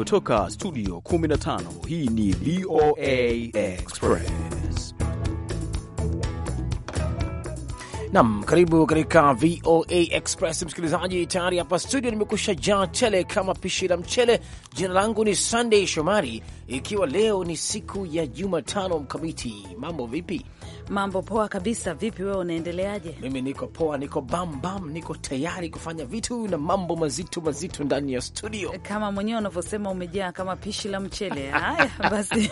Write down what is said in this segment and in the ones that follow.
Kutoka studio 15 hii ni VOA Express. Nam, karibu katika VOA Express msikilizaji. Tayari hapa studio nimekusha jaa tele kama pishi la mchele. Jina langu ni sandey Shomari, ikiwa leo ni siku ya Jumatano. Mkamiti, mambo vipi? Mambo poa kabisa. Vipi wewe, unaendeleaje? Mimi niko poa, niko bam bam, niko tayari kufanya vitu na mambo mazito mazito ndani ya studio. Eh, kama mwenyewe unavyosema, umejaa kama pishi la mchele. Haya basi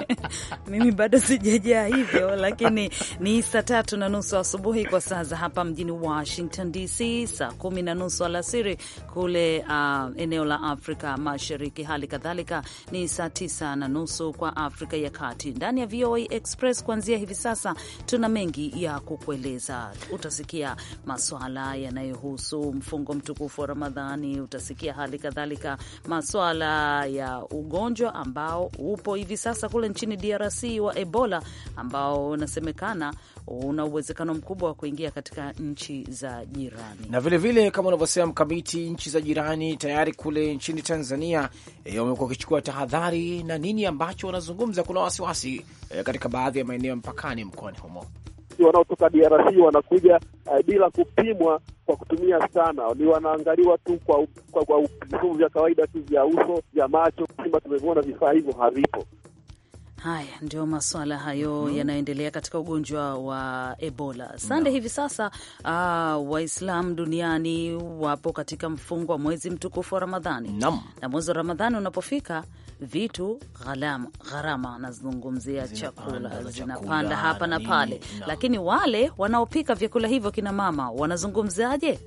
mimi bado sijajaa hivyo, lakini ni saa tatu na nusu asubuhi kwa saa za hapa mjini Washington DC, saa kumi na nusu alasiri kule uh, eneo la Afrika Mashariki. Hali kadhalika ni saa tisa na nusu kwa Afrika ya Kati, ndani ya VOA Express kuanzia hivi sasa sasa tuna mengi ya kukueleza. Utasikia maswala yanayohusu mfungo mtukufu wa Ramadhani, utasikia hali kadhalika maswala ya ugonjwa ambao upo hivi sasa kule nchini DRC wa Ebola, ambao unasemekana una uwezekano mkubwa wa kuingia katika nchi za jirani, na vilevile vile, kama unavyosema mkamiti, nchi za jirani tayari kule nchini Tanzania eh, wamekuwa wakichukua tahadhari. Na nini ambacho wanazungumza, kuna wasiwasi Eh, katika baadhi ya maeneo ya mpakani mkoani humo. Wanaotoka DRC wanakuja uh, bila kupimwa kwa kutumia sana, ni wanaangaliwa tu kwa, kwa, kwa vya kawaida tu vya uso, vya macho. Simba tumevyona vifaa hivyo havipo. Haya ndio masuala hayo mm, yanaendelea katika ugonjwa wa Ebola sande. No. Hivi sasa uh, Waislamu duniani wapo katika mfungo wa mwezi mtukufu wa Ramadhani no. Na mwezi wa Ramadhani unapofika vitu gharama, gharama nazungumzia chakula zinapanda hapa na pale, lakini wale wanaopika vyakula hivyo kina mama wanazungumzaje?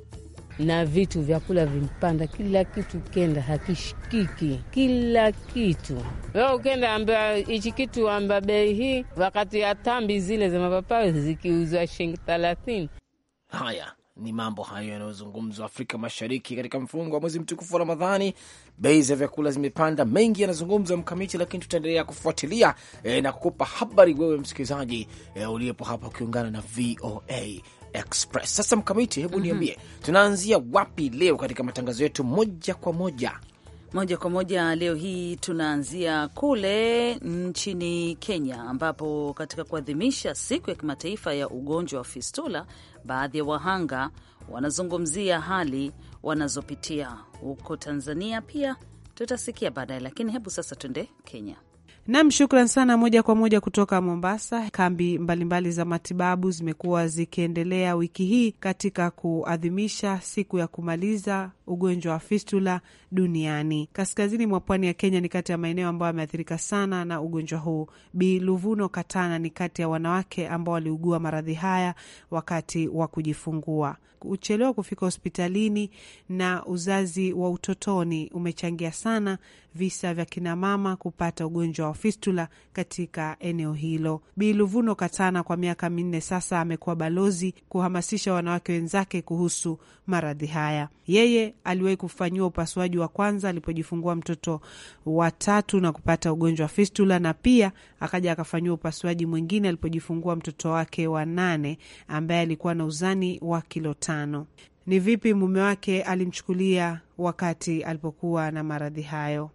na vitu vyakula vimpanda, kila kitu kenda hakishikiki, kila kitu we ukenda amba hichi kitu amba bei hii, wakati ya tambi zile za mapapao zikiuzwa shilingi thelathini. Haya, ni mambo hayo yanayozungumzwa Afrika Mashariki katika mfungo wa mwezi mtukufu wa Ramadhani. Bei za vyakula zimepanda, mengi yanazungumzwa Mkamiti, lakini tutaendelea kufuatilia e, na kukupa habari wewe msikilizaji e, eh, uliyepo hapa ukiungana na VOA Express. Sasa Mkamiti, hebu mhm. niambie, mm -hmm. tunaanzia wapi leo katika matangazo yetu moja kwa moja? Moja kwa moja leo hii tunaanzia kule nchini Kenya, ambapo katika kuadhimisha siku ya kimataifa ya ugonjwa wa fistula, baadhi ya wahanga wanazungumzia hali wanazopitia huko Tanzania. Pia tutasikia baadaye, lakini hebu sasa tuende Kenya. Nam, shukran sana. Moja kwa moja kutoka Mombasa, kambi mbalimbali mbali za matibabu zimekuwa zikiendelea wiki hii katika kuadhimisha siku ya kumaliza ugonjwa wa fistula duniani. Kaskazini mwa pwani ya Kenya ni kati ya maeneo ambayo yameathirika sana na ugonjwa huu. Bi Luvuno Katana ni kati ya wanawake ambao waliugua maradhi haya wakati wa kujifungua. Kuchelewa kufika hospitalini na uzazi wa utotoni umechangia sana visa vya kinamama kupata ugonjwa wa fistula katika eneo hilo. Bi Luvuno Katana kwa miaka minne sasa amekuwa balozi kuhamasisha wanawake wenzake kuhusu maradhi haya. Yeye aliwahi kufanyiwa upasuaji wa kwanza alipojifungua mtoto wa tatu na kupata ugonjwa wa fistula, na pia akaja akafanyiwa upasuaji mwingine alipojifungua mtoto wake wa nane ambaye alikuwa na uzani wa kilo tano. Ni vipi mume wake alimchukulia wakati alipokuwa na maradhi hayo?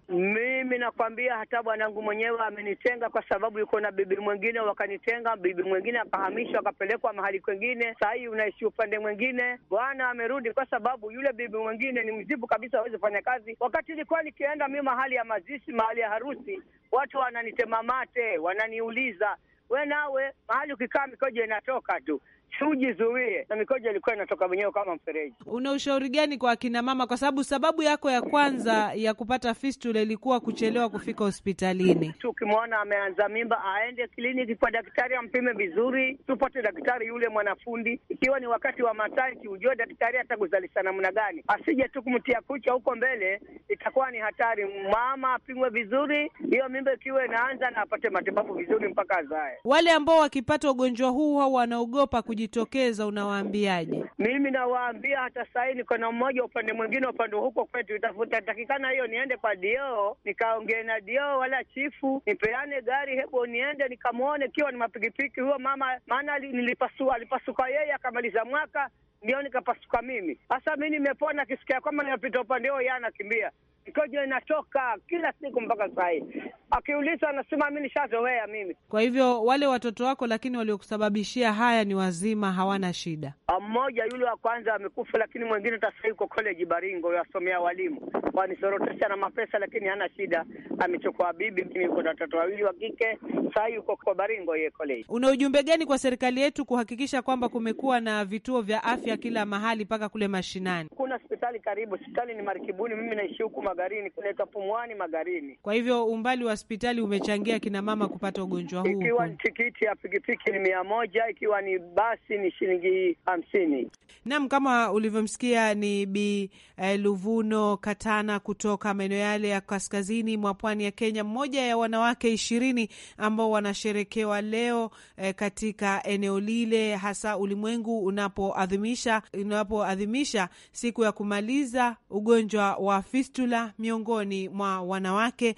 mimi nakwambia hata bwanangu mwenyewe amenitenga kwa sababu yuko na bibi mwingine, wakanitenga. Bibi mwingine akahamishwa akapelekwa mahali kwengine, saa hii unaishi upande mwingine. Bwana amerudi kwa sababu yule bibi mwingine ni mzibu kabisa, hawezi kufanya kazi. Wakati ilikuwa nikienda mi mahali ya mazishi, mahali ya harusi, watu wananitema mate, wananiuliza we nawe mahali ukikaa mikojo inatoka tu siujizuie na mikojo ilikuwa inatoka mwenyewe kama mfereji. Una ushauri gani kwa akina mama, kwa sababu sababu yako ya kwanza ya kupata fistula ilikuwa kuchelewa kufika hospitalini? Tukimwona ameanza mimba aende kliniki kwa daktari ampime vizuri, tupate daktari yule mwanafundi, ikiwa ni wakati wa matanki, ujue daktari atakuzalisha namna gani, asije tu kumtia kucha huko mbele, itakuwa ni hatari. Mama apimwe vizuri, hiyo mimba ikiwa inaanza, na apate matibabu vizuri mpaka azae. Wale ambao wakipata ugonjwa huu hao wanaogopa kujitokeza unawaambiaje? Mimi nawaambia hata saa niko na mmoja upande mwingine, upande huko kwetu, itafuta takikana hiyo niende kwa dio nikaongee na dio wala chifu, nipeane gari, hebu niende nikamwone, kiwa ni mapikipiki huyo mama, maana nilipasua, alipasuka yeye akamaliza mwaka ndio nikapasuka mimi. Sasa mi nimepona, kisikia kwamba nimepita upande huo, yeye anakimbia mkojo inatoka kila siku mpaka saa hii. Akiulizwa anasema mi nishazoea mimi. Kwa hivyo wale watoto wako lakini waliokusababishia haya ni wazima, hawana shida? Ah, mmoja yule wa kwanza amekufa, lakini mwingine tasa yuko college Baringo, yasomea walimu, wanisorotesha na mapesa, lakini hana shida, amechukua bibi. Mimi yuko na watoto wawili wa kike, saa hii yuko kwa Baringo ye college. Una ujumbe gani kwa serikali yetu kuhakikisha kwamba kumekuwa na vituo vya afya kila mahali mpaka kule mashinani? Kuna hospitali karibu, hospitali ni Marikibuni, mimi naishi huku Magarini, kuleta Pumwani Magarini. Kwa hivyo umbali wa hospitali umechangia kina mama kupata ugonjwa huu. Ikiwa ni tikiti ya pikipiki ni mia moja, ikiwa ni basi ni shilingi hamsini. Naam, kama ulivyomsikia ni Bi eh, Luvuno Katana kutoka maeneo yale ya kaskazini mwa pwani ya Kenya, mmoja ya wanawake ishirini ambao wanasherekewa leo eh, katika eneo lile, hasa ulimwengu unapoadhimisha unapoadhimisha siku ya kumaliza ugonjwa wa fistula miongoni mwa wanawake.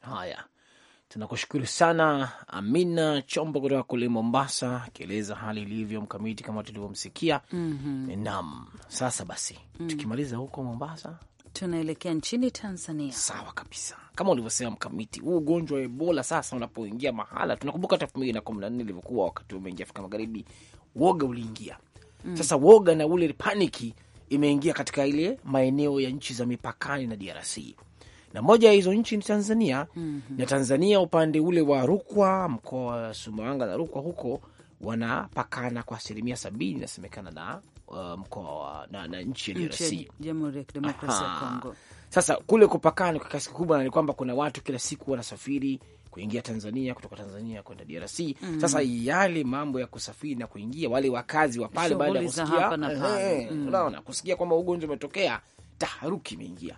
Haya, tunakushukuru sana Amina Chombo kutoka kule Mombasa, akieleza hali ilivyo mkamiti kama tulivyomsikia. mm -hmm. Naam, sasa basi mm -hmm. tukimaliza huko Mombasa tunaelekea nchini Tanzania. Sawa kabisa, kama ulivyosema Mkamiti, huu ugonjwa wa Ebola sasa unapoingia mahala, tunakumbuka hata elfu mbili na kumi na nne ilivyokuwa wakati umeingia Afrika Magharibi, woga uliingia. mm. Sasa woga na ule paniki imeingia katika ile maeneo ya nchi za mipakani na DRC na moja ya hizo nchi ni Tanzania. mm -hmm. Na Tanzania upande ule wa Rukwa, mkoa wa Sumbawanga na Rukwa huko wanapakana kwa asilimia sabini inasemekana na uh, mkoa na, na nchi ya DRC, Jamhuri ya Kidemokrasia ya Kongo. Sasa kule kupakana kwa kiasi kikubwa ni kwamba kuna watu kila siku wanasafiri kuingia Tanzania, kutoka Tanzania kwenda DRC. mm -hmm. Sasa yale mambo ya kusafiri na kuingia, wale wakazi wa pale, baada ya kusikia mm. unaona, kusikia kwamba ugonjwa umetokea, taharuki imeingia.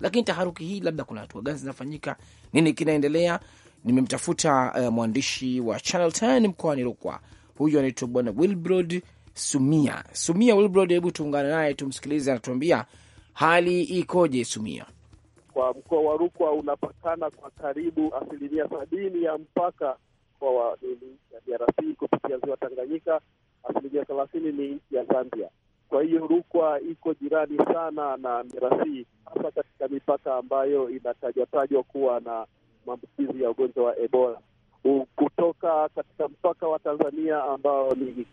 Lakini taharuki hii, labda kuna hatua gani zinafanyika? Nini kinaendelea? Nimemtafuta uh, mwandishi wa Channel 10 mkoani Rukwa, huyu anaitwa Bwana Wilbrod Sumia. Sumia Wilbrod, hebu tuungane naye tumsikilize, anatuambia hali ikoje. Sumia. Kwa mkoa wa Rukwa unapakana kwa karibu asilimia sabini ya mpaka wa DRC kupitia ziwa Tanganyika, asilimia thelathini ni nchi ya Zambia. Kwa hiyo Rukwa iko jirani sana na DRC, hasa katika mipaka ambayo inatajatajwa kuwa na maambukizi ya ugonjwa wa Ebola kutoka katika mpaka wa Tanzania ambao ni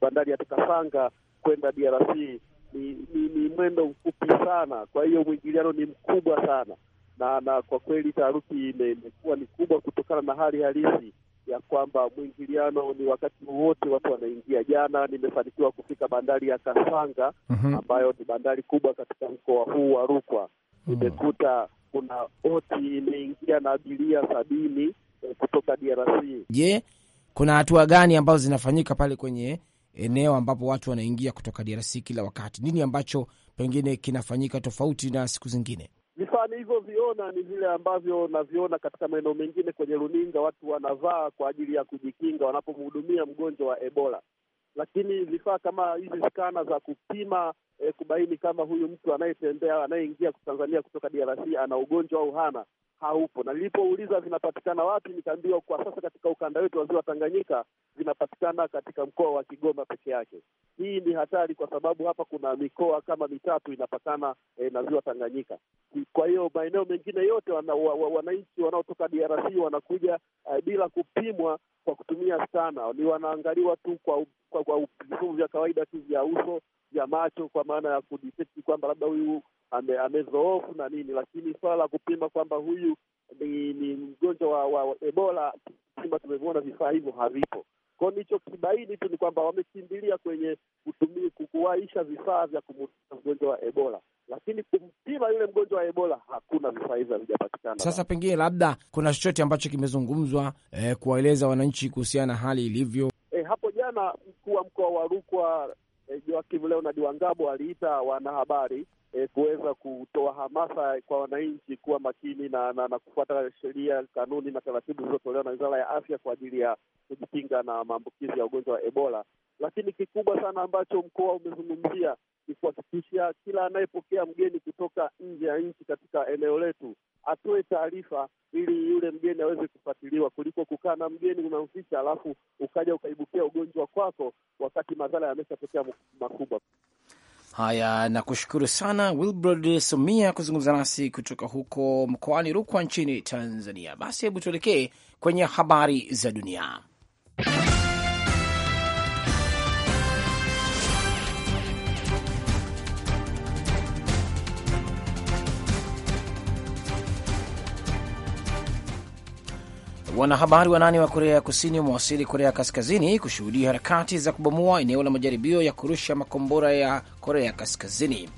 bandari ya Takasanga kwenda DRC ni, ni, ni mwendo mfupi sana, kwa hiyo mwingiliano ni mkubwa sana na na kwa kweli taharuki imekuwa ni kubwa kutokana na hali halisi ya kwamba mwingiliano ni wakati wote watu wanaingia. Jana nimefanikiwa kufika bandari ya Kasanga mm -hmm. ambayo ni bandari kubwa katika mkoa huu wa Rukwa imekuta mm. nimekuta kuna oti imeingia na abiria sabini eh, kutoka DRC. Je, kuna hatua gani ambazo zinafanyika pale kwenye eneo ambapo watu wanaingia kutoka DRC kila wakati? Nini ambacho pengine kinafanyika tofauti na siku zingine? Vifaa nilivyoviona ni vile ambavyo naviona katika maeneo mengine kwenye runinga, watu wanavaa kwa ajili ya kujikinga wanapomhudumia mgonjwa wa Ebola, lakini vifaa kama hizi skana za kupima eh, kubaini kama huyu mtu anayetembea anayeingia Tanzania kutoka DRC ana ugonjwa au hana, haupo, na nilipouliza vinapatikana wapi, nikaambiwa kwa sasa katika ukanda wetu wa ziwa Tanganyika vinapatikana katika mkoa wa Kigoma peke yake. Hii ni hatari kwa sababu hapa kuna mikoa kama mitatu inapakana eh, na ziwa Tanganyika. Kwa hiyo maeneo mengine yote wananchi wa, wa, wanaotoka DRC wanakuja eh, bila kupimwa kwa kutumia sana ni wanaangaliwa tu kwa, kwa, kwa vya kawaida tu vya uso ya macho, kwa maana ya kudetekti kwamba labda huyu amezoofu na nini, lakini swala la kupima kwamba huyu ni, ni mgonjwa wa, wa Ebola ima, tumeviona vifaa hivyo havipo kwao. kibaini tu ni kwamba wamekimbilia kwenye kutumia kuwaisha vifaa vya kumhudumia mgonjwa wa Ebola, lakini kumpima yule mgonjwa wa Ebola hakuna vifaa hivyo havijapatikana. Sasa pengine labda kuna chochote ambacho kimezungumzwa eh, kuwaeleza wananchi kuhusiana na hali ilivyo. Eh, hapo jana mkuu wa mkoa wa Rukwa Eh, Joakim Leo na aliita wanahabari e, kuweza kutoa hamasa kwa wananchi kuwa makini na, na, na kufuata sheria, kanuni na taratibu zilizotolewa na Wizara ya Afya kwa ajili ya kujikinga na maambukizi ya ugonjwa wa Ebola. Lakini kikubwa sana ambacho mkoa umezungumzia ni kuhakikisha kila anayepokea mgeni kutoka nje ya nchi katika eneo letu atoe taarifa ili yule mgeni aweze kufuatiliwa, kuliko kukaa na mgeni unamficha, alafu ukaja ukaibukia ugonjwa kwako wakati madhara yameshatokea makubwa. Haya, nakushukuru sana Wilbrod Somia kuzungumza nasi kutoka huko mkoani Rukwa nchini Tanzania. Basi hebu tuelekee kwenye habari za dunia. Wanahabari wanane wa Korea ya Kusini wamewasili Korea Kaskazini kushuhudia harakati za kubomoa eneo la majaribio ya kurusha makombora ya Korea Kaskazini.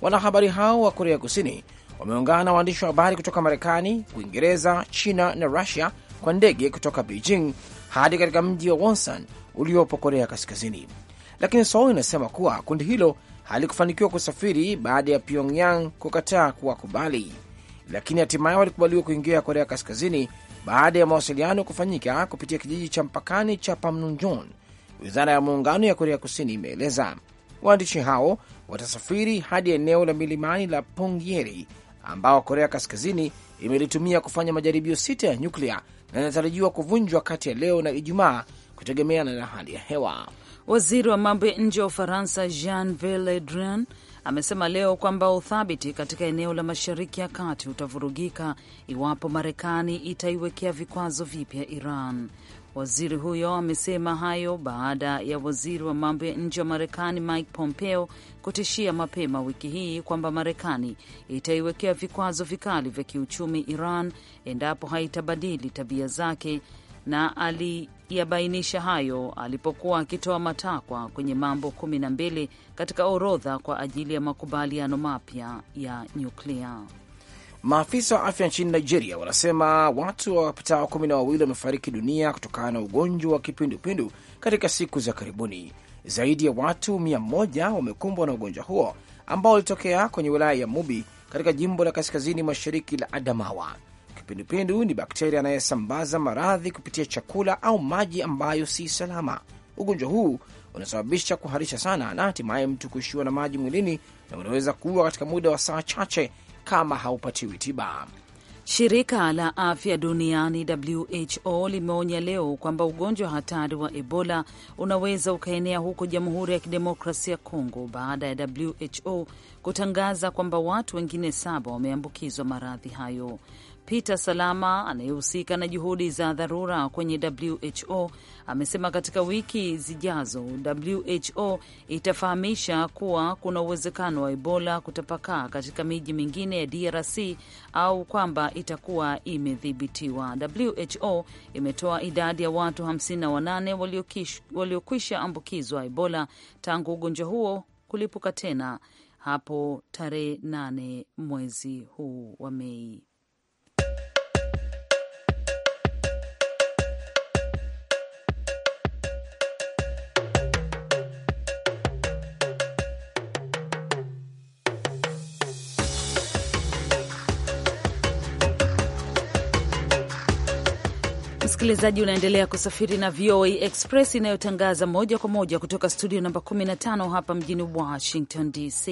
Wanahabari hao wa Korea Kusini wameungana na waandishi wa habari kutoka Marekani, Uingereza, China na Rusia kwa ndege kutoka Beijing hadi katika mji wa Wonsan uliopo Korea Kaskazini, lakini Seoul inasema kuwa kundi hilo halikufanikiwa kusafiri baada ya Pyongyang kukataa kuwakubali, lakini hatimaye walikubaliwa kuingia Korea Kaskazini baada ya mawasiliano kufanyika kupitia kijiji cha mpakani cha pamnunjon wizara ya muungano ya Korea Kusini imeeleza. Waandishi hao watasafiri hadi eneo la milimani la Pongieri ambao Korea Kaskazini imelitumia kufanya majaribio sita ya nyuklia na inatarajiwa kuvunjwa kati ya leo na Ijumaa kutegemeana na hali ya hewa. Waziri wa mambo ya nje wa Ufaransa Jean Yves Le amesema leo kwamba uthabiti katika eneo la Mashariki ya Kati utavurugika iwapo Marekani itaiwekea vikwazo vipya Iran. Waziri huyo amesema hayo baada ya waziri wa mambo ya nje wa Marekani Mike Pompeo kutishia mapema wiki hii kwamba Marekani itaiwekea vikwazo vikali vya kiuchumi Iran endapo haitabadili tabia zake na ali yabainisha hayo alipokuwa akitoa matakwa kwenye mambo kumi na mbili katika orodha kwa ajili ya makubaliano mapya ya nyuklia. Maafisa wa afya nchini Nigeria wanasema watu wapatao kumi na wawili wamefariki dunia kutokana na ugonjwa wa kipindupindu katika siku za karibuni. Zaidi ya watu mia moja wamekumbwa na ugonjwa huo ambao ulitokea kwenye wilaya ya Mubi katika jimbo la kaskazini mashariki la Adamawa. Kipindupindu ni bakteria anayesambaza maradhi kupitia chakula au maji ambayo si salama. Ugonjwa huu unasababisha kuharisha sana na hatimaye mtu kuishiwa na maji mwilini na unaweza kuua katika muda wa saa chache kama haupatiwi tiba. Shirika la afya duniani WHO limeonya leo kwamba ugonjwa hatari wa Ebola unaweza ukaenea huko Jamhuri ya Kidemokrasia ya Kongo baada ya WHO kutangaza kwamba watu wengine saba wameambukizwa maradhi hayo. Peter Salama anayehusika na juhudi za dharura kwenye WHO amesema katika wiki zijazo WHO itafahamisha kuwa kuna uwezekano wa Ebola kutapakaa katika miji mingine ya DRC au kwamba itakuwa imedhibitiwa. WHO imetoa idadi ya watu 58 waliokwisha ambukizwa Ebola tangu ugonjwa huo kulipuka tena hapo tarehe 8 mwezi huu wa Mei. Msikilizaji, unaendelea kusafiri na VOA Express inayotangaza moja kwa moja kutoka studio namba 15 hapa mjini Washington DC.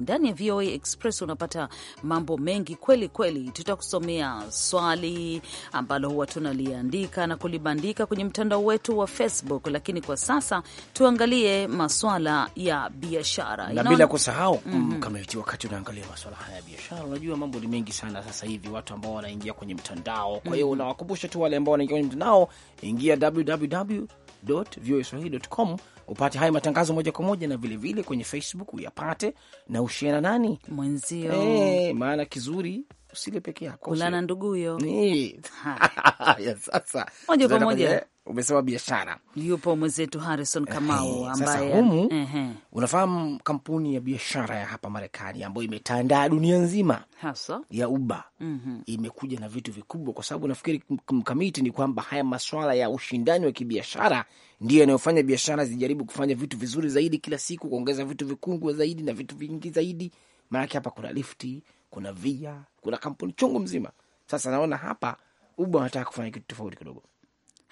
Ndani ya VOA Express unapata mambo mengi kweli kweli. Tutakusomea swali ambalo huwa tunaliandika na kulibandika kwenye mtandao wetu wa Facebook, lakini kwa sasa tuangalie maswala ya biashara na bila kusahau mm -hmm. Wakati unaangalia maswala haya ya biashara, unajua mambo ni mengi sana sasa hivi, watu ambao wanaingia kwenye mtandao. Kwa mhm. hiyo mm -hmm. unawakumbusha tu wale ambao wanaingia kwenye nao ingia www.voaswahili.com upate haya matangazo moja kwa moja, na vilevile vile kwenye Facebook uyapate na ushie na nani mwenzio. Hey, eh, maana kizuri usile peke yako, kulana nduguyo. Sasa moja kwa moja umesema biashara, yupo mwenzetu Harrison Kamau ambaye humu unafahamu kampuni ya biashara ya hapa Marekani ambayo imetandaa dunia nzima hasa ya Uber mm-hmm. Imekuja na vitu vikubwa, kwa sababu nafikiri mkamiti ni kwamba haya maswala ya ushindani wa kibiashara ndiyo yanayofanya biashara zijaribu kufanya vitu vizuri zaidi kila siku, kuongeza vitu vikubwa zaidi na vitu vingi zaidi, maanake hapa kuna lifti, kuna via, kuna kampuni chungu mzima. Sasa naona hapa Uber wanataka kufanya kitu tofauti kidogo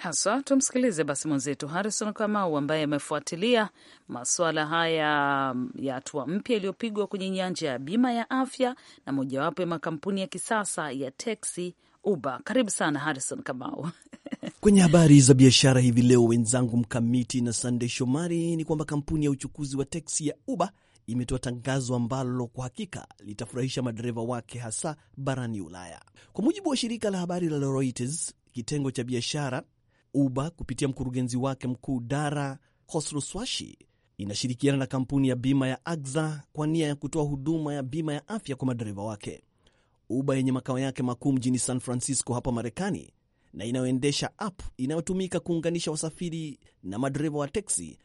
haswa. Tumsikilize basi mwenzetu Harrison Kamau ambaye amefuatilia masuala haya ya hatua mpya iliyopigwa kwenye nyanja ya bima ya afya na mojawapo ya makampuni ya kisasa ya teksi Uber. Karibu sana Harrison Kamau. Kwenye habari za biashara hivi leo, wenzangu Mkamiti na Sandey Shomari, ni kwamba kampuni ya uchukuzi wa teksi ya Uber imetoa tangazo ambalo kwa hakika litafurahisha madereva wake hasa barani Ulaya. Kwa mujibu wa shirika la habari la Reuters, kitengo cha biashara Uber kupitia mkurugenzi wake mkuu Dara Khosrowshahi inashirikiana na kampuni ya bima ya AXA kwa nia ya kutoa huduma ya bima ya afya kwa madereva wake. Uber yenye makao yake makuu mjini San Francisco hapa Marekani na inayoendesha app inayotumika kuunganisha wasafiri na madereva wa teksi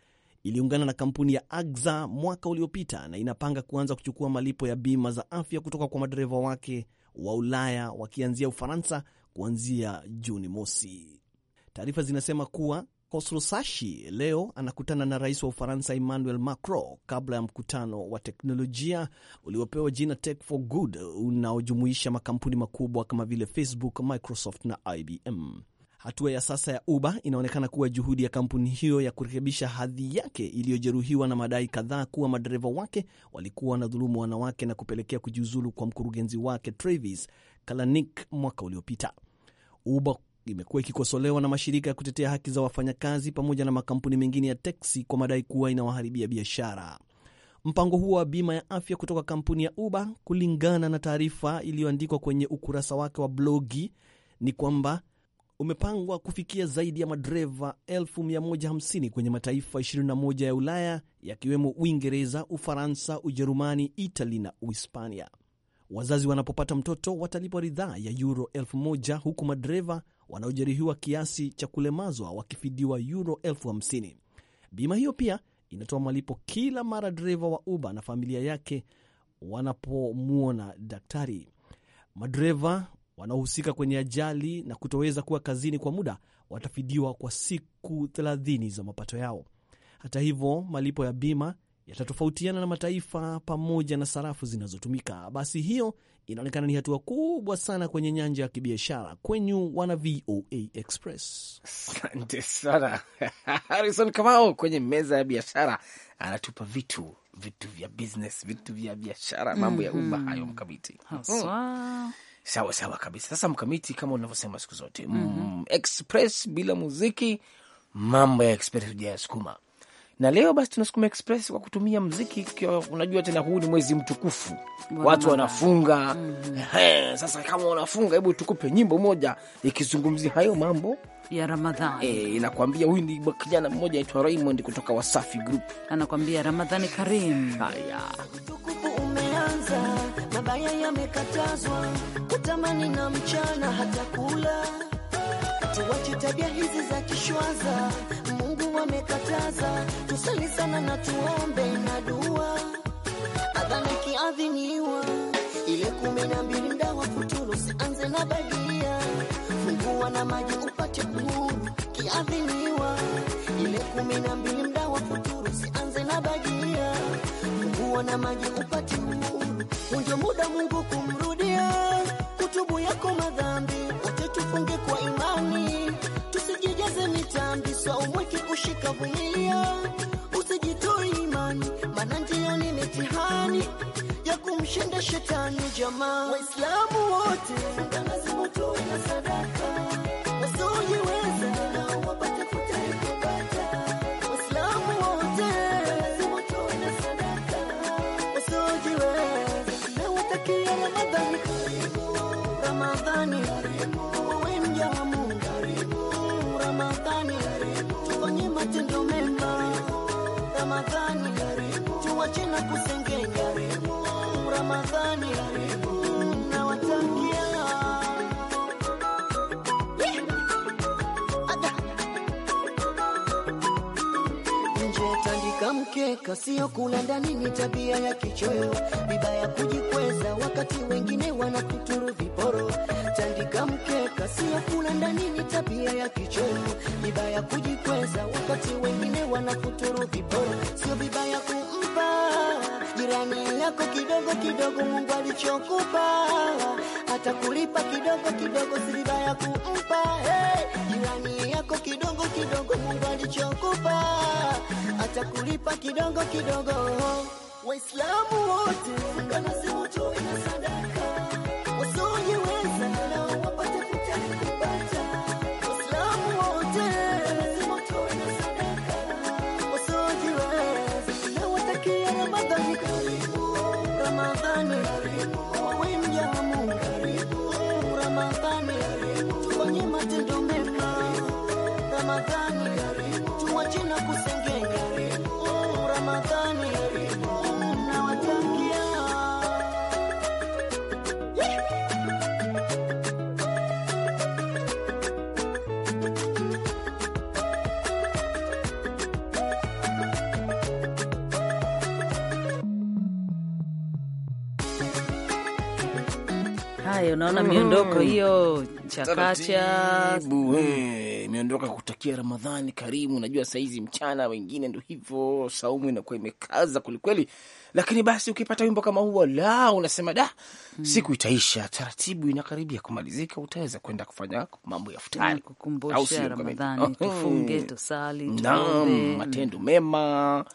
iliungana na kampuni ya AXA mwaka uliopita na inapanga kuanza kuchukua malipo ya bima za afya kutoka kwa madereva wake wa Ulaya wakianzia Ufaransa kuanzia Juni mosi. Taarifa zinasema kuwa Khosrow Sashi leo anakutana na rais wa Ufaransa Emmanuel Macron kabla ya mkutano wa teknolojia uliopewa jina Tech for Good unaojumuisha makampuni makubwa kama vile Facebook, Microsoft na IBM. Hatua ya sasa ya Uber inaonekana kuwa juhudi ya kampuni hiyo ya kurekebisha hadhi yake iliyojeruhiwa na madai kadhaa kuwa madereva wake walikuwa wanadhulumu wanawake na kupelekea kujiuzulu kwa mkurugenzi wake Travis Kalanick mwaka uliopita. Uber imekuwa ikikosolewa na mashirika ya kutetea haki za wafanyakazi pamoja na makampuni mengine ya teksi kwa madai kuwa inawaharibia biashara. Mpango huo wa bima ya afya kutoka kampuni ya Uber, kulingana na taarifa iliyoandikwa kwenye ukurasa wake wa blogi, ni kwamba umepangwa kufikia zaidi ya madereva 150 kwenye mataifa 21 ya Ulaya yakiwemo Uingereza, Ufaransa, Ujerumani, Itali na Uhispania. Wazazi wanapopata mtoto watalipwa ridhaa ya euro 1000 huku madereva wanaojeruhiwa kiasi cha kulemazwa wakifidiwa euro elfu hamsini. Bima hiyo pia inatoa malipo kila mara dereva wa Uber na familia yake wanapomwona daktari. Madereva wanaohusika kwenye ajali na kutoweza kuwa kazini kwa muda watafidiwa kwa siku 30 za mapato yao. Hata hivyo, malipo ya bima yatatofautiana na mataifa pamoja na sarafu zinazotumika. Basi hiyo inaonekana ni hatua kubwa sana kwenye nyanja ya kibiashara. Kwenyu wana VOA Express, asante sana Harison Kamao kwenye meza ya biashara anatupa vitu vitu vya business, vitu vya biashara, mambo ya uba mhm. hayo, Mkamiti. Mm-hmm. Sawa sawa kabisa. Sasa Mkamiti, kama unavyosema siku zote mm -hmm. Express bila muziki, mambo ya Express hujayasukuma na leo basi tunasukuma express kwa kutumia mziki. Unajua tena huu ni mwezi mtukufu, watu wanafunga. mm mm-hmm. He, sasa kama wanafunga, hebu tukupe nyimbo moja ikizungumzia hayo mambo ya Ramadhani. E, inakwambia huyu ni kijana mmoja aitwa Raymond kutoka Wasafi Group, anakwambia Ramadhani Karim. Haya, utukufu umeanza, mabaya yamekatazwa, kutamani na mchana hata kula, tuwache tabia hizi za kishwaza Mungu wamekataza, tusali sana na tuombe na dua, adhana kiadhiniwa ile kumi na mbili ndawa futuru, sianze na badia, fungua na maji upate kunuru, kiadhiniwa ile kumi na mbili ndawa futuru, sianze na badia, fungua na maji upate kunuru, unje muda Mungu Mshinde shetani jamaa, Waislamu wote lazima tuwe na sadaka, tufanye matendo mema, Ramadhani tuwache na kusema kukeka sio kula ndani, ni tabia ya kichoyo vibaya, kujikweza wakati wengine wanakuturu viporo. Tandika mkeka sio kula ndani, ni tabia ya kichoyo vibaya, kujikweza wakati wengine wanakuturu viporo. Sio vibaya kumpa jirani yako kidogo kidogo, Mungu alichokupa atakulipa kidogo kidogo, si vibaya kumpa hey, jirani yako kidogo kidogo, Mungu alichokupa atakulipa kidogo kidogo. Waislamu wote kana simu na sadaka hayo, naona mm. miondoko hiyo chakacha tunawatakia Ramadhani karimu. Najua sahizi mchana wengine ndo hivyo, saumu inakuwa imekaza kwelikweli, lakini basi ukipata wimbo kama huo la unasema da, hmm, siku itaisha taratibu, inakaribia kumalizika, utaweza kwenda kufanya mambo ya futari, kukumbusha Ramadhani, tufunge, tusali, naam, matendo mema,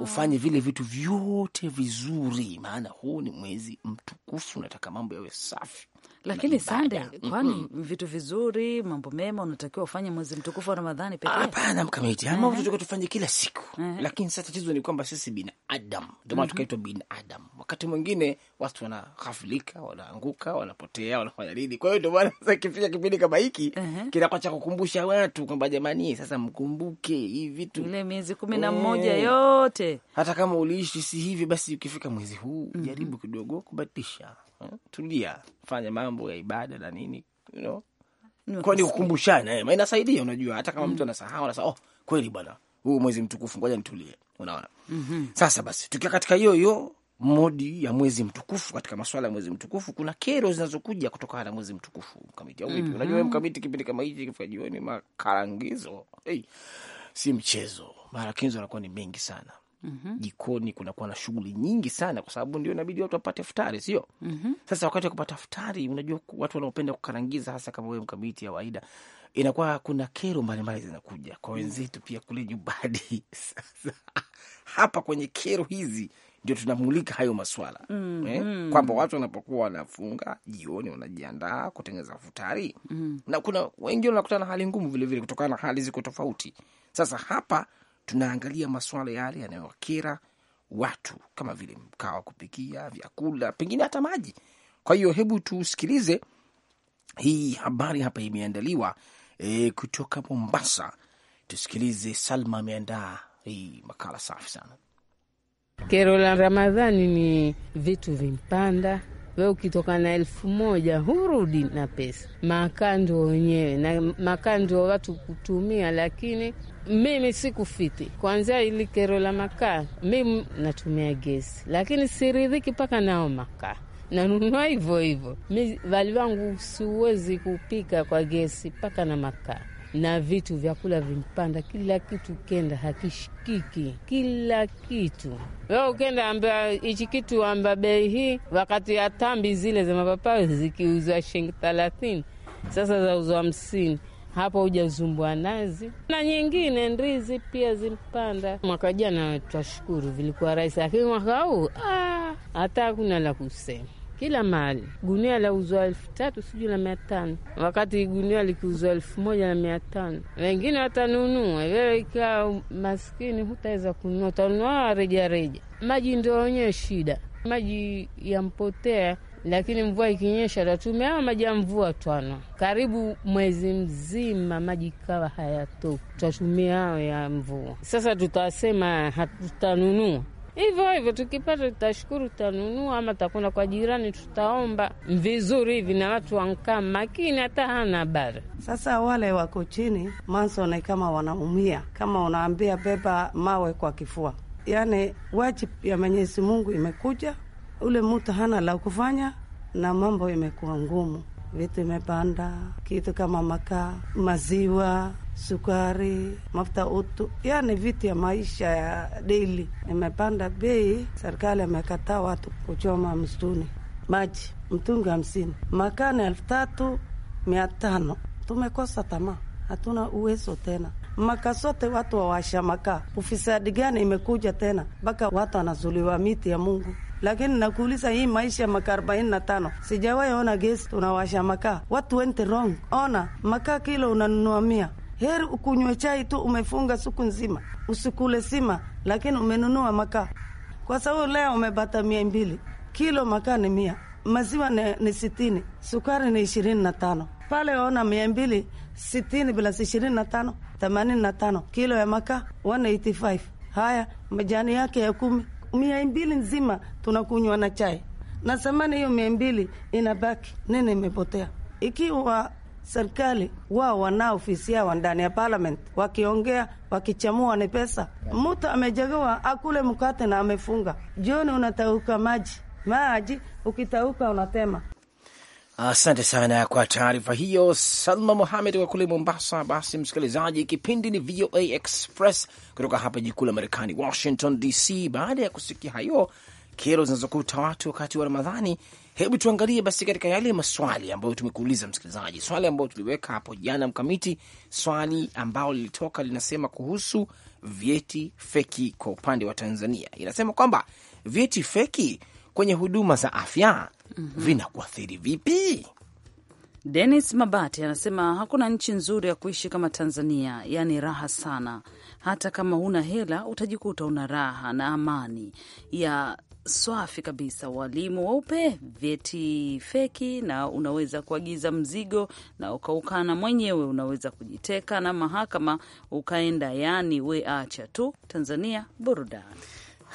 ufanye vile vitu vyote vizuri, maana huu ni mwezi mtukufu, unataka mambo yawe safi lakini sande, kwani mm -hmm. vitu vizuri, mambo mema unatakiwa ufanye mwezi mtukufu Ramadhani pekee? Hapana, mkamiti ama tunataka tufanye kila siku, uh -huh. lakini sasa tatizo ni kwamba sisi binadamu, ndio maana mhm. tukaitwa binadamu. Wakati mwingine watu wanaghafilika, wanaanguka, wanapotea, wanafanya nini. Kwa hiyo ndio maana sasa kifika kipindi kama hiki uh -huh. kinakuwa cha kukumbusha watu kwamba jamani, sasa mkumbuke hii vitu, ile miezi kumi na mmoja yote, hata kama uliishi si hivi, basi ukifika mwezi huu uh mhm. -huh. jaribu kidogo kubadilisha, eh, tulia, fanya mambo ya ibada na nini, you know kwani kukumbushana, maana inasaidia. Unajua, hata kama mtu mm. anasahau, anasahau, oh, kweli bwana, huu mwezi mtukufu, ngoja nitulie. Unaona, mhm. sasa basi, tukiwa katika hiyo hiyo modi ya mwezi mtukufu, katika masuala ya mwezi mtukufu, kuna kero zinazokuja kutokana na mwezi mtukufu, mkamiti au vipi? Mhm. Unajua mkamiti, kipindi kama hichi kifika jioni, makarangizo hey, si mchezo, marakinzo anakuwa ni mengi sana mm -hmm. jikoni kunakuwa na shughuli nyingi sana, kwa sababu ndio inabidi watu wapate iftari, sio? mm -hmm. Sasa wakati wa kupata iftari, unajua watu wanaopenda kukarangiza, hasa kama wewe mkamiti ya waida inakuwa kuna kero mbalimbali zinakuja kwa mm-hmm. wenzetu pia kule nyumbani. Sasa hapa kwenye kero hizi ndio tunamulika hayo maswala mm -hmm. eh, kwamba watu wanapokuwa wanafunga jioni, wanajiandaa kutengeneza futari mm -hmm. na kuna wengine wanakutana na hali ngumu vilevile, kutokana na hali ziko tofauti. Sasa hapa tunaangalia masuala yale yanayowakera watu kama vile mkaa wa kupikia, vyakula, pengine hata maji. Kwa hiyo hebu tusikilize hii habari hapa imeandaliwa e, kutoka Mombasa. Tusikilize, Salma ameandaa hii makala safi sana. Kero la Ramadhani ni vitu vimpanda We ukitoka na elfu moja hurudi na pesa. makando wenyewe na makando watu kutumia, lakini mimi sikufiti kwanzia ili kero la makaa, mimi natumia gesi, lakini siridhiki mpaka nao makaa nanunua hivyo hivyo. Mi vali vangu siwezi kupika kwa gesi mpaka na makaa na vitu vyakula vimpanda, kila kitu kenda hakishikiki, kila kitu we ukenda amba hichi kitu amba bei hii, wakati ya tambi zile za mapapayo zikiuzwa shilingi thalathini, sasa zauzwa hamsini hapo hujazumbua nazi na nyingine ndizi pia zimpanda. Mwaka jana twashukuru vilikuwa rahisi, lakini mwaka huu ah, hata hakuna la kusema. Kila mahali gunia lauzwa elfu tatu sijui na mia tano wakati gunia likiuzwa elfu moja na mia tano Wengine watanunua, wewe ikiwa maskini hutaweza kununua, utanunua rejareja. Maji ndio wenyewe shida, maji yampotea lakini mvua ikinyesha tatumeaa maji ya mvua twana karibu mwezi mzima maji kawa hayatoki, twatumia ya mvua. Sasa tutasema hatutanunua hivyo hivyo, tukipata tutashukuru, tutanunua ama takwenda kwa jirani, tutaomba vizuri hivi, na watu wankaa makini, hata hana bara Sasa wale wako chini mansone, kama wanaumia, kama unaambia beba mawe kwa kifua, yani wajibu ya Mwenyezi Mungu imekuja ule mtu hana la kufanya, na mambo imekuwa ngumu, vitu imepanda, kitu kama makaa, maziwa, sukari, mafuta utu, yani vitu ya maisha ya deli imepanda bei. Serikali amekataa watu kuchoma msituni, maji mtungi hamsini, makaa ni elfu tatu mia tano. Tumekosa tamaa, hatuna uwezo tena maka sote watu wawasha makaa. Ufisadi gani imekuja tena mpaka watu wanazuliwa miti ya Mungu? lakini nakuuliza hii maisha maka arobaini na tano sijawahi ona gesi tunawasha makaa. Watu went wrong. Ona makaa kilo unanunua mia heri ukunywe chai tu, umefunga siku nzima usikule sima, lakini umenunua makaa kwa sababu leo umepata mia mbili kilo makaa ni mia, maziwa ni, ni sitini, sukari ni ishirini na tano pale ona mia mbili sitini plus ishirini na tano themanini na tano kilo ya makaa 185 haya majani yake ya kumi mia mbili nzima tunakunywa na chai, na samani hiyo mia mbili inabaki nini? Imepotea. Ikiwa serikali wao wana ofisi yao ndani ya parliament, wakiongea wakichamua ni pesa. Mtu amejegewa akule mkate na amefunga, jioni unatauka maji maji, ukitauka unatema Asante sana kwa taarifa hiyo, Salma muhamed wa kule Mombasa. Basi msikilizaji, kipindi ni VOA Express kutoka hapa jikuu la Marekani, Washington DC. Baada ya kusikia hayo kero zinazokuta watu wakati wa Ramadhani, hebu tuangalie basi katika yale maswali ambayo tumekuuliza msikilizaji, swali ambayo tuliweka hapo jana mkamiti, swali ambalo lilitoka linasema kuhusu vyeti feki kwa upande wa Tanzania. Inasema kwamba vyeti feki kwenye huduma za afya mm -hmm. vinakuathiri vipi? Dennis Mabati anasema hakuna nchi nzuri ya kuishi kama Tanzania, yaani raha sana. Hata kama huna hela utajikuta una raha na amani ya swafi kabisa, walimu weupe, vyeti feki, na unaweza kuagiza mzigo na ukaukana mwenyewe, unaweza kujiteka na mahakama ukaenda, yaani we acha tu. Tanzania burudani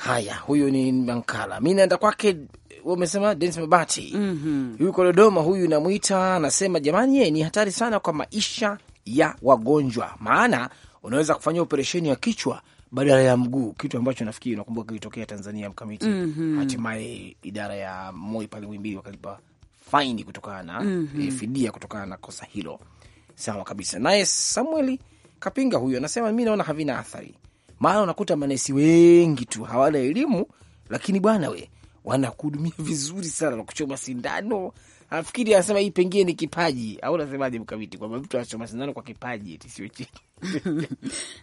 Haya, huyu ni Mankala. Mi naenda kwake, umesema Denis Mabati mm -hmm. yuko Dodoma, huyu namwita, anasema jamani, ye ni hatari sana kwa maisha ya wagonjwa, maana unaweza kufanya operesheni ya kichwa badala ya mguu, kitu ambacho nafikiri unakumbuka kilitokea Tanzania mkamiti. mm -hmm. Hatimaye idara ya MOI pale Wimbili wakalipa faini kutokana na mm -hmm. e, fidia kutokana na kosa hilo. Sawa kabisa. Naye Samueli Kapinga huyu anasema mi naona havina athari maana unakuta manesi wengi tu hawana elimu, lakini bwana we wanakuhudumia vizuri sana na kuchoma sindano. Nafikiri anasema hii pengine ni kipaji au nasemaje, Mkamiti, kwamba mtu anachoma sindano kwa kipaji, tisio chini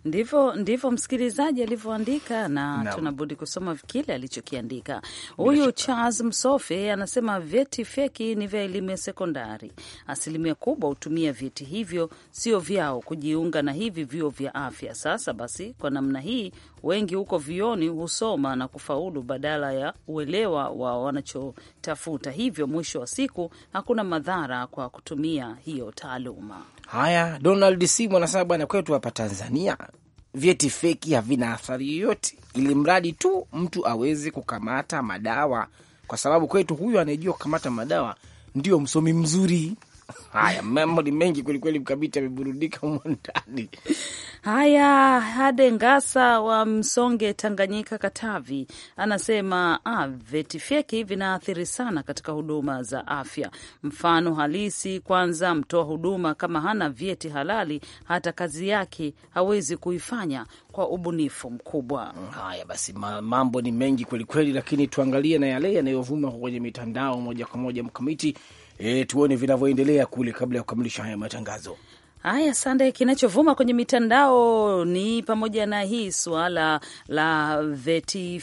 ndivyo ndivyo msikilizaji alivyoandika, na no. tunabudi kusoma kile alichokiandika huyu Charles Msofe. Anasema vyeti feki ni vya elimu ya sekondari, asilimia kubwa hutumia vyeti hivyo sio vyao kujiunga na hivi vyuo vya afya. Sasa basi, kwa namna hii wengi huko vioni husoma na kufaulu badala ya uelewa wa wanachotafuta, hivyo mwisho wa siku hakuna madhara kwa kutumia hiyo taaluma. Haya, Donald Simu anasema bwana, kwetu hapa Tanzania vyeti feki havina athari yoyote, ili mradi tu mtu aweze kukamata madawa, kwa sababu kwetu huyu anayejua kukamata madawa ndio msomi mzuri. Haya, mambo ni mengi kwelikweli, Mkabiti ameburudika humo ndani. Haya, Hade Ngasa wa Msonge, Tanganyika, Katavi, anasema ah, vyeti fyeki vinaathiri sana katika huduma za afya. Mfano halisi, kwanza, mtoa huduma kama hana vyeti halali, hata kazi yake hawezi kuifanya kwa ubunifu mkubwa. Haya basi, mambo ni mengi kwelikweli, lakini tuangalie na yale yanayovuma kwenye mitandao moja kwa moja mkamiti, e, tuone vinavyoendelea kule kabla ya kukamilisha haya matangazo. Haya, Sande, kinachovuma kwenye mitandao ni pamoja na hii suala la veti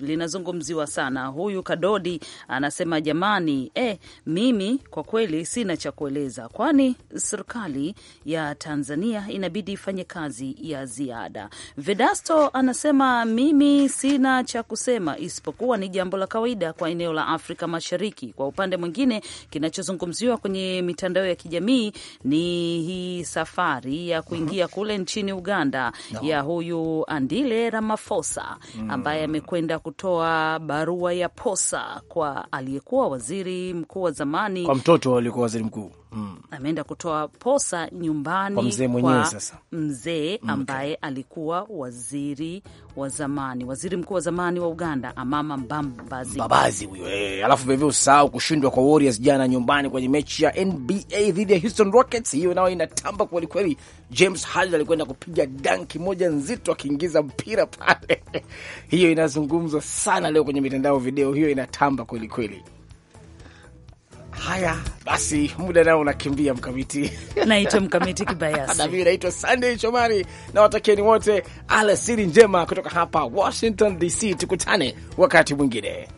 linazungumziwa sana. Huyu Kadodi anasema jamani, eh, mimi kwa kweli sina cha kueleza, kwani serikali ya Tanzania inabidi ifanye kazi ya ziada. Vedasto anasema mimi sina cha kusema, isipokuwa ni jambo la kawaida kwa eneo la Afrika Mashariki. Kwa upande mwingine, kinachozungumziwa kwenye mitandao ya kijamii ni hii safari ya mhm. kuingia kule nchini Uganda no. ya huyu Andile Ramaphosa mm. ambaye amekwenda kutoa barua ya posa kwa aliyekuwa waziri mkuu wa zamani, kwa mtoto aliyekuwa waziri mkuu mm. ameenda kutoa posa nyumbani kwa mzee mwenyewe, sasa mzee mm, ambaye okay. alikuwa waziri wa zamani, waziri mkuu wa zamani wa Uganda, Amama Mbabazi. Mbabazi huyo eh. Alafu vilevile usahau kushindwa kwa Warriors jana nyumbani kwenye mechi ya NBA dhidi ya Houston Rockets, hiyo nayo inatamba kwelikweli James Harden alikwenda kupiga danki moja nzito akiingiza mpira pale hiyo inazungumzwa sana leo kwenye mitandao, video hiyo inatamba kwelikweli kweli. Haya basi, muda nao unakimbia. Mkamiti naitwa Mkamiti Kibayasi na mimi naitwa sandey Shomari, na watakieni wote alasiri njema kutoka hapa Washington DC. Tukutane wakati mwingine.